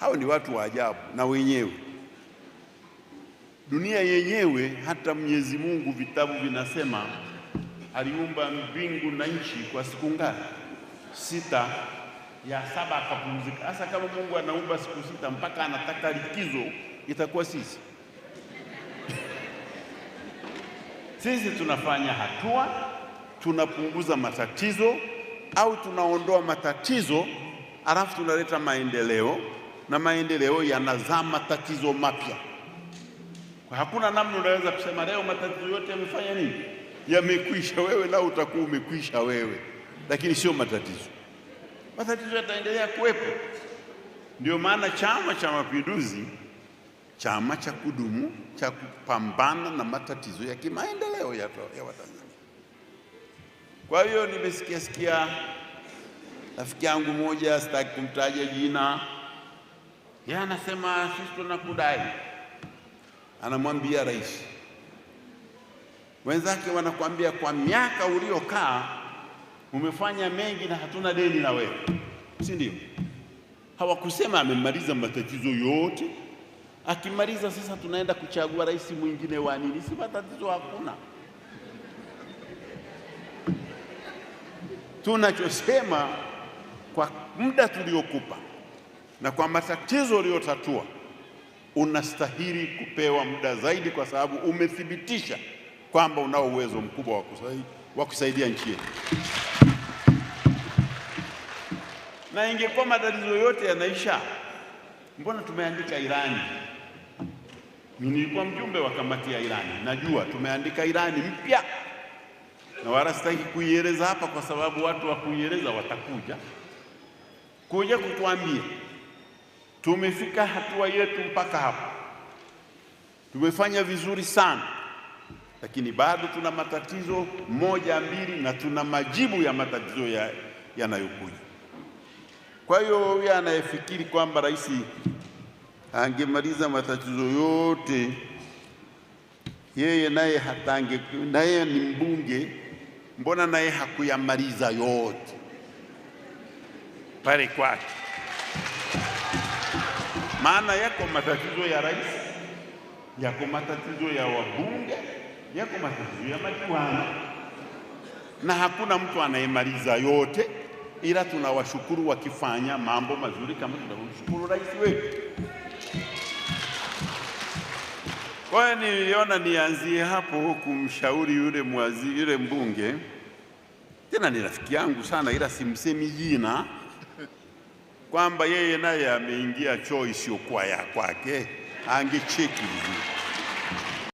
Hawa ni watu wa ajabu na wenyewe dunia yenyewe. Hata Mwenyezi Mungu vitabu vinasema aliumba mbingu na nchi kwa siku ngapi? Sita. Ya saba akapumzika. Hasa kama Mungu anaumba siku sita mpaka anataka likizo, itakuwa sisi sisi tunafanya hatua, tunapunguza matatizo au tunaondoa matatizo, alafu tunaleta maendeleo na maendeleo yanazama tatizo mapya. Kwa hakuna namna unaweza kusema leo matatizo yote yamefanya nini, yamekwisha. Wewe na utakuwa umekwisha wewe, lakini sio matatizo. Matatizo yataendelea kuwepo. Ndio maana Chama cha Mapinduzi, chama cha kudumu cha kupambana na matatizo ya kimaendeleo ya, ya Watanzania. Kwa hiyo nimesikia sikia rafiki yangu moja, sitaki kumtaja jina yeye anasema sisi tunakudai, anamwambia rais. Wenzake wanakuambia kwa miaka uliokaa umefanya mengi na hatuna deni na wewe, si ndio? Hawakusema amemaliza matatizo yote, akimaliza sasa tunaenda kuchagua rais mwingine wa nini? Si matatizo hakuna. Tunachosema kwa muda tuliokupa na kwamba tatizo uliotatua unastahili kupewa muda zaidi, kwa sababu umethibitisha kwamba unao uwezo mkubwa wa kusaidia nchi yetu. Na ingekuwa matatizo yote yanaisha, mbona tumeandika ilani? Nilikuwa mjumbe wa kamati ya ilani, najua tumeandika ilani mpya, na wala sitaki kuieleza hapa, kwa sababu watu wa kuieleza watakuja kuja kutuambia Tumefika hatua yetu mpaka hapa, tumefanya vizuri sana, lakini bado tuna matatizo moja mbili, na tuna majibu ya matatizo yanayokuja ya. Kwa hiyo huyo anayefikiri kwamba rais angemaliza matatizo yote yeye naye hatange, naye ni mbunge, mbona naye hakuyamaliza yote pale kwake? Maana yako matatizo ya rais, yako matatizo ya wabunge, yako matatizo ya madiwani, na hakuna mtu anayemaliza yote, ila tunawashukuru wakifanya mambo mazuri kama tunavyoshukuru rais wetu. Kwa hiyo niliona nianzie hapo kumshauri yule mwazi, yule mbunge, tena ni rafiki yangu sana, ila simsemi jina kwamba yeye naye ameingia choo isiyokuwa ya kwake, angicheki vizuri.